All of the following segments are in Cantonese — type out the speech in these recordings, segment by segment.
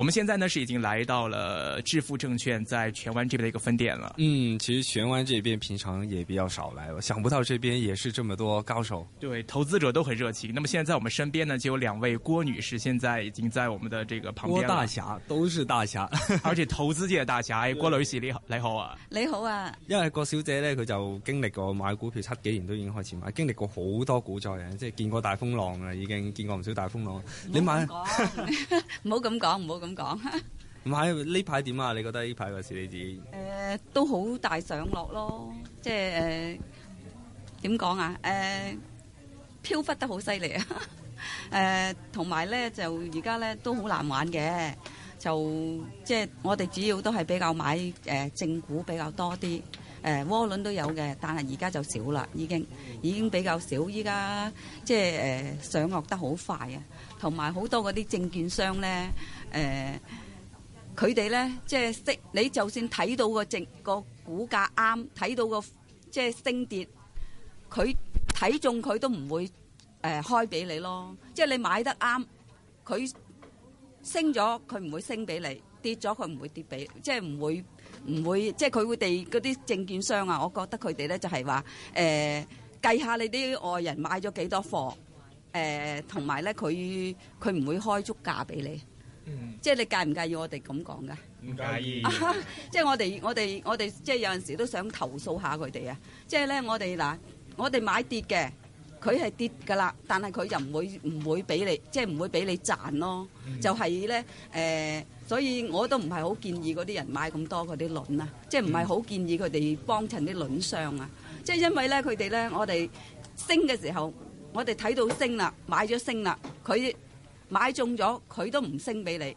我們現在呢是已經來到了致富證券在荃灣這邊的一個分店了。嗯，其實荃灣這邊平常也比較少來了，想不到這邊也是這麼多高手。對，投資者都很熱情。那麼現在在我們身邊呢就有兩位郭女士，現在已經在我們的這個旁邊了。郭大俠，都是大俠。 而且投資界大俠，郭女士，你好對，你好啊，你好啊。因為郭小姐呢，佢就經歷過買股票七幾年都已經開始買，經歷過好多股災嘅，即係見過大風浪嘅，已經見過唔少大風浪。沒 你買？唔好咁講，唔好咁。講唔係呢排點啊？你覺得呢排個市你點？誒、呃，都好大上落咯，即係誒，點、呃、講啊？誒、呃，飄忽得好犀利啊！誒，同埋咧就而家咧都好難玩嘅，就即係我哋主要都係比較買誒、呃、正股比較多啲。誒窩輪都有嘅，但係而家就少啦，已經已經比較少現在。依家即係誒上落得好快啊，同埋好多嗰啲證券商咧，誒佢哋咧即係識你，就，是、你就算睇到、那個證、那個股價啱，睇到、那個即係、就是、升跌，佢睇中佢都唔會誒、呃、開俾你咯。即、就、係、是、你買得啱，佢升咗佢唔會升俾你，跌咗佢唔會跌俾，即係唔會。唔會，即係佢會哋嗰啲證券商啊，我覺得佢哋咧就係話，誒計下你啲外人買咗幾多貨，誒同埋咧佢佢唔會開足價俾你，嗯、即係你介唔介意我哋咁講噶？唔介意。 即係我哋我哋我哋即係有陣時都想投訴下佢哋啊！即係咧我哋嗱，我哋買跌嘅。佢係跌㗎啦，但係佢又唔會唔會俾你，即係唔會俾你賺咯。就係、是、咧，誒、呃，所以我都唔係好建議嗰啲人買咁多嗰啲輪啊，即係唔係好建議佢哋幫襯啲輪商啊。即、就、係、是、因為咧，佢哋咧，我哋升嘅時候，我哋睇到升啦，買咗升啦，佢買中咗，佢都唔升俾你，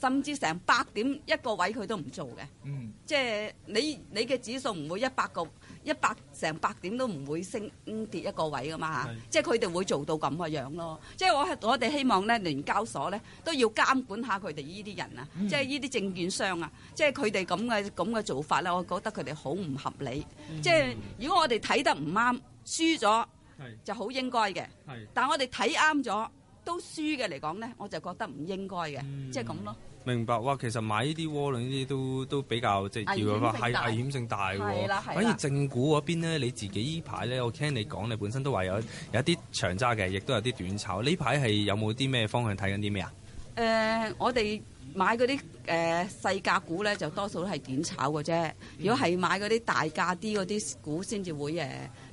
甚至成百點一個位佢都唔做嘅。嗯、就是，即係你你嘅指數唔會一百個。一百成百點都唔會升,升跌一個位噶嘛嚇，是即係佢哋會做到咁嘅樣,嘅樣子咯。即係我我哋希望咧，聯交所咧都要監管下佢哋呢啲人啊，嗯、即係呢啲證券商啊，即係佢哋咁嘅咁嘅做法咧，我覺得佢哋好唔合理。嗯、即係如果我哋睇得唔啱，輸咗是就好應該嘅。是但係我哋睇啱咗。都輸嘅嚟講咧，我就覺得唔應該嘅，即係咁咯。明白哇，其實買呢啲窩輪呢啲都都比較即係，如果話係危險性大喎。反而正股嗰邊咧，你自己呢排咧，我聽你講，你本身都話有有一啲長揸嘅，亦都有啲短炒。呢排係有冇啲咩方向睇緊啲咩啊？誒、呃，我哋買嗰啲誒細價股咧，就多數都係短炒嘅啫。嗯、如果係買嗰啲大價啲嗰啲股才，先至會誒。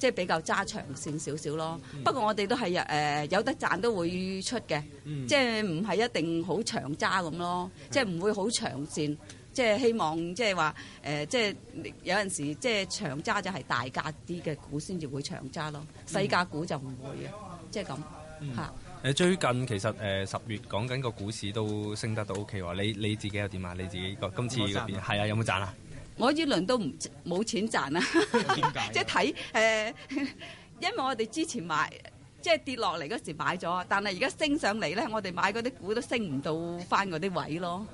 即係比較揸長線少少咯，嗯、不過我哋都係誒、呃、有得賺都會出嘅，即係唔係一定好長揸咁咯，即係唔會好長線，即係希望即係話誒，即係有陣時即係長揸就係大價啲嘅股先至會長揸咯，細價股就唔會嘅，即係咁吓。誒最近其實誒十月講緊個股市都升得到 OK 喎，你你自己又點啊？你自己個今次入邊係賺啊？有冇賺啊？我依輪都唔冇錢賺啦， 即係睇誒，因為我哋之前買，即係跌落嚟嗰時買咗，但係而家升上嚟咧，我哋買嗰啲股都升唔到翻嗰啲位咯，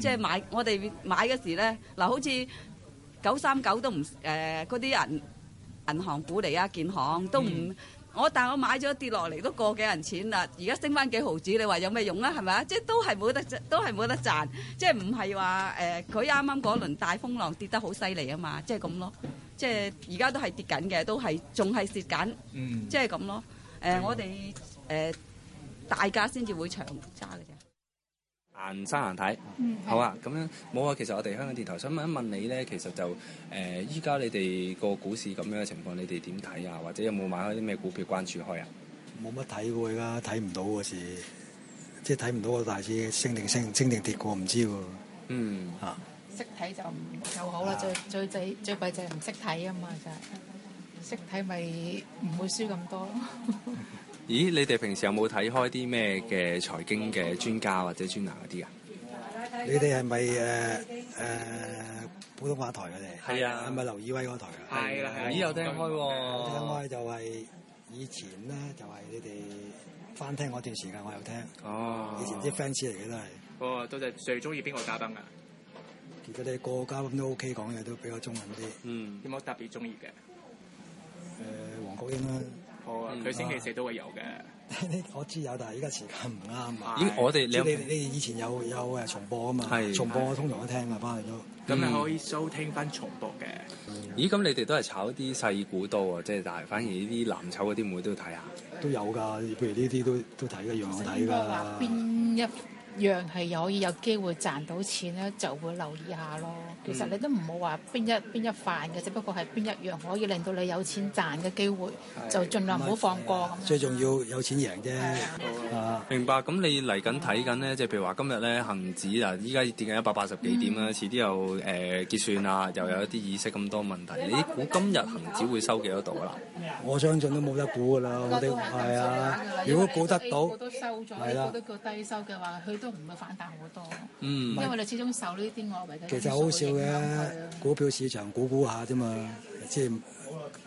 即係、嗯、買我哋買嗰時咧，嗱好似九三九都唔誒嗰啲銀銀行股嚟啊，建行都唔。嗯。我但我買咗跌落嚟都過幾銀錢啦，而家升翻幾毫紙，你話有咩用啊？係咪啊？即係都係冇得，都係冇得賺，即係唔係話誒佢啱啱嗰輪大風浪跌得好犀利啊嘛，即係咁咯，即係而家都係跌緊嘅，都係仲係蝕緊，即係咁咯。誒、呃、我哋誒、呃、大家先至會長揸嘅啫。行生行睇，嗯、好啊，咁樣是的、嗯，冇啊。其實我哋香港電台想問一問你咧，其實就誒，依、呃、家你哋個股市咁樣嘅情況，你哋點睇啊？或者有冇買開啲咩股票關注開啊？冇乜睇喎，而家睇唔到嗰時，即係睇唔到個大市升定升，升定跌過唔知喎。嗯，吓、啊。識睇就就好啦、啊，最最最最弊就係唔識睇啊嘛，就係識睇咪唔會輸咁多。嗯 咦，你哋平時有冇睇開啲咩嘅財經嘅專家或者專欄嗰啲啊？你哋係咪誒誒普通話台嘅咧？係啊，係咪劉以威嗰台是啊？係啦，係啦。啊、咦，有聽開喎、啊，聽開就係以前咧，就係、是、你哋翻聽嗰段時間，我有聽。哦。以前啲 fans 嚟嘅都係。哦，都係最中意邊個嘉賓啊？其實你個嘉賓都 OK，講嘢都比較中文啲。嗯。有冇特別中意嘅？誒、呃，黃國英啦、啊。佢、嗯、星期四都會有嘅，我知有，但係依家時間唔啱。咦？我哋你你，你以前有有重播㗎嘛？重播我通常都聽㗎，返嚟都咁你可以收聽返重播嘅。嗯嗯、咦？咁你哋都係炒啲細股多啊？即係但係反而呢啲藍籌嗰啲會唔會都要睇下？都有㗎，譬如呢啲都都睇嘅，一樣睇㗎。邊一樣係可以有機會賺到錢咧，就會留意下咯。其實你都唔好話邊一邊一範嘅，只不過係邊一樣可以令到你有錢賺嘅機會，就盡量唔好放過咁。最重要有錢贏啫。明白。咁你嚟緊睇緊咧，即係譬如話今日咧恒指啊，依家跌緊一百八十幾點啦，遲啲又誒結算啊，又有一啲意識咁多問題。你估今日恒指會收幾多度啊？我相信都冇得估噶啦，我哋係啊。如果估得到收咗，如果都叫低收嘅話，佢都唔會反彈好多。嗯。因為你始終受呢啲外圍其實好少。嘅、啊、股票市場估估下啫嘛，即係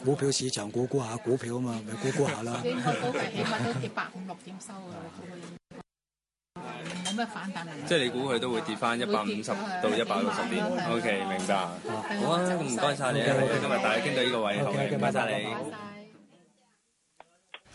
股票市場估估下股票啊嘛，咪估估下啦。啲起碼都跌百五六點收啊，冇乜反彈啊。即係你估佢都會跌翻一百五十到一百六十點。啊、o、okay, K 明白，啊好啊，唔該晒你，今日大家傾到呢個位，好拜晒你。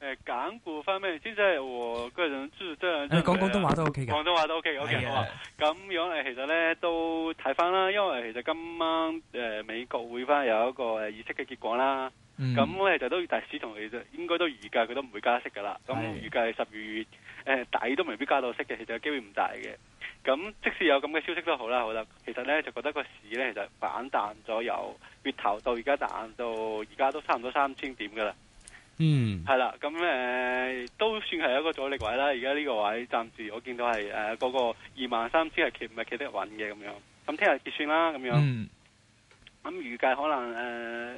誒、欸，港股方面，真係。我個人注即係，你講廣東話都 OK，廣東話都 OK，OK 好啊嗎。咁的樣嚟，其實咧都睇翻啦，因為其實今晚誒、呃、美國會翻有一個誒議息嘅結果啦。咁咧就都大市同其實應該都預計佢都唔會加息噶啦。咁預計十二月誒底、呃、都未必加到息嘅，其實機會唔大嘅。咁即使有咁嘅消息都好啦，好啦，其實咧就覺得個市咧其實反彈咗，由月頭到而家彈到而家都差唔多三千點噶啦。嗯，係啦，咁誒、呃、都算係一個阻力位啦。而家呢個位暫時我見到係誒嗰個二萬三千係企唔係企得穩嘅咁樣。咁聽日結算啦，咁樣。嗯。咁預計可能誒誒、呃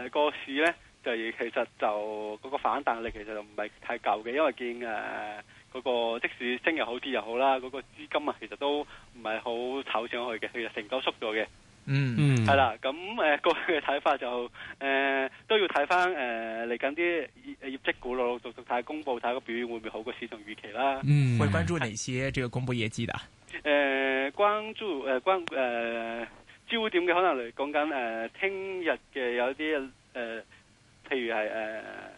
呃、個市咧，就其實就嗰、那個反彈力其實就唔係太夠嘅，因為見誒嗰、呃那個即使升又好跌又好啦，嗰、那個資金啊其實都唔係好炒上去嘅，其實成交縮咗嘅。嗯。嗯。係啦，咁誒、呃、個人嘅睇法就誒、呃、都要睇翻誒。呃嚟緊啲業業績股陸陸續續睇公布，睇個表現會唔會好過市場預期啦？嗯，會關注哪些？ 這個公布業績的？誒、呃，關注誒，關、呃、誒焦點嘅可能嚟講緊誒，聽日嘅有啲誒、呃，譬如係誒、呃，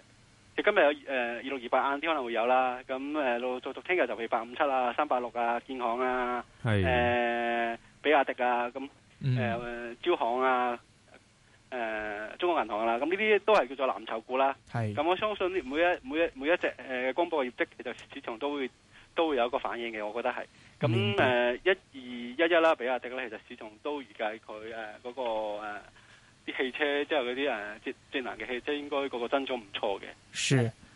今日有誒二六二八，晏、呃、啲可能會有啦。咁誒陸陸續續聽日就譬如八五七啊、三八六啊、建、嗯、行啊，係誒比亞迪啊，咁誒招行啊。呃、中國銀行啦，咁呢啲都係叫做藍籌股啦。係是，咁我相信每一每一每一隻、呃、公布嘅業績，其實市場都會都會有一個反應嘅，我覺得係。咁一二一一啦，比亞迪咧，其實市場都預計佢誒嗰個啲、呃、汽車，即係嗰啲誒智能嘅汽車，應該個個增長唔錯嘅。是。